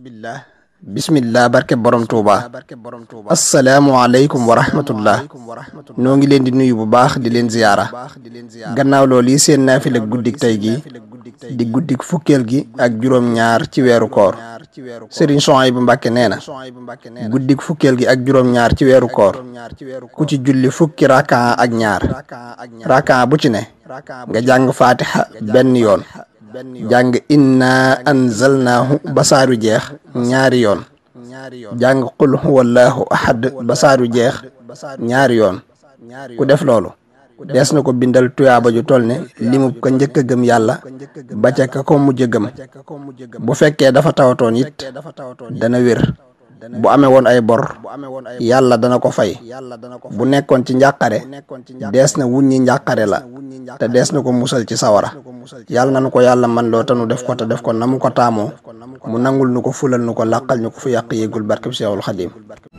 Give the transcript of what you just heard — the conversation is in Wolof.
billah bismillah barke borom tuuba asalaamualeykum wa rahmatullah noo ngi leen di nuyu bu baax di leen ziyaara gannaaw loolu yi seen naafila guddik tey gi di guddik fukkeel gi ak juróom ñaar ci weeru koor Serigne Souhaïbou Mbacké nee na guddik fukkel gi ak juróom ñaar ci weeru koor ku ci julli fukki rakaa ak ñaar rakaa bu ci ne nga jàng faatiha benn yoon jàng inna anzalnaahu ba saaru jeex ñaari yoon jàng qul huwallahu ahad ba saaru jeex ñaari yoon ku def loolu dees na ko bindal tuyaaba ju toll ne limub ka njëkk a gëm yàlla ba ca ka ko mujj a gëm bu fekkee dafa tawatoon it dana wér bu amee woon ay bor yàlla dana ko fay bu nekkoon ci njàqare dees na wuñ ñi njàqare la te dees na ko musal ci sawara yàlla nanu ko yàlla man loo tanu def ko def ko na mu ko taamoo mu nangul nu ko fulal nu ko làqal ñu ko fu yàq yéegul barkeb Seexul Xadim